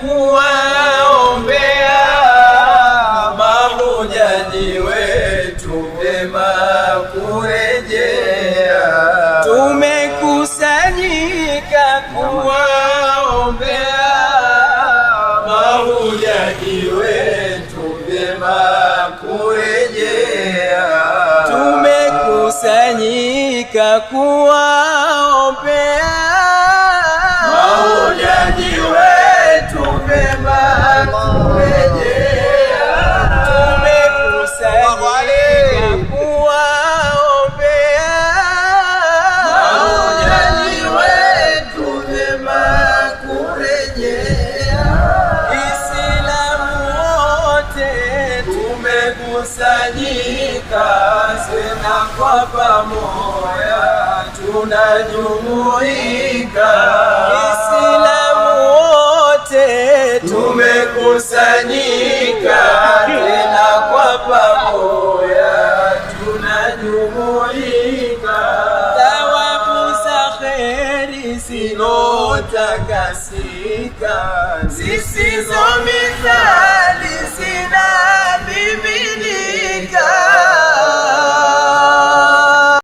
kuwaombea mahujaji wetu vyema kurejea. Tumekusanyika kuwaombea mahujaji wetu vyema kurejea. Tumekusanyika kuwaombea tumekusanyika tena kwa pamoja, tunajumuika Islamu wote, tumekusanyika tena kwa pamoja, tunajumuika. Thawabu za kheri zinotakasika zisizo mithali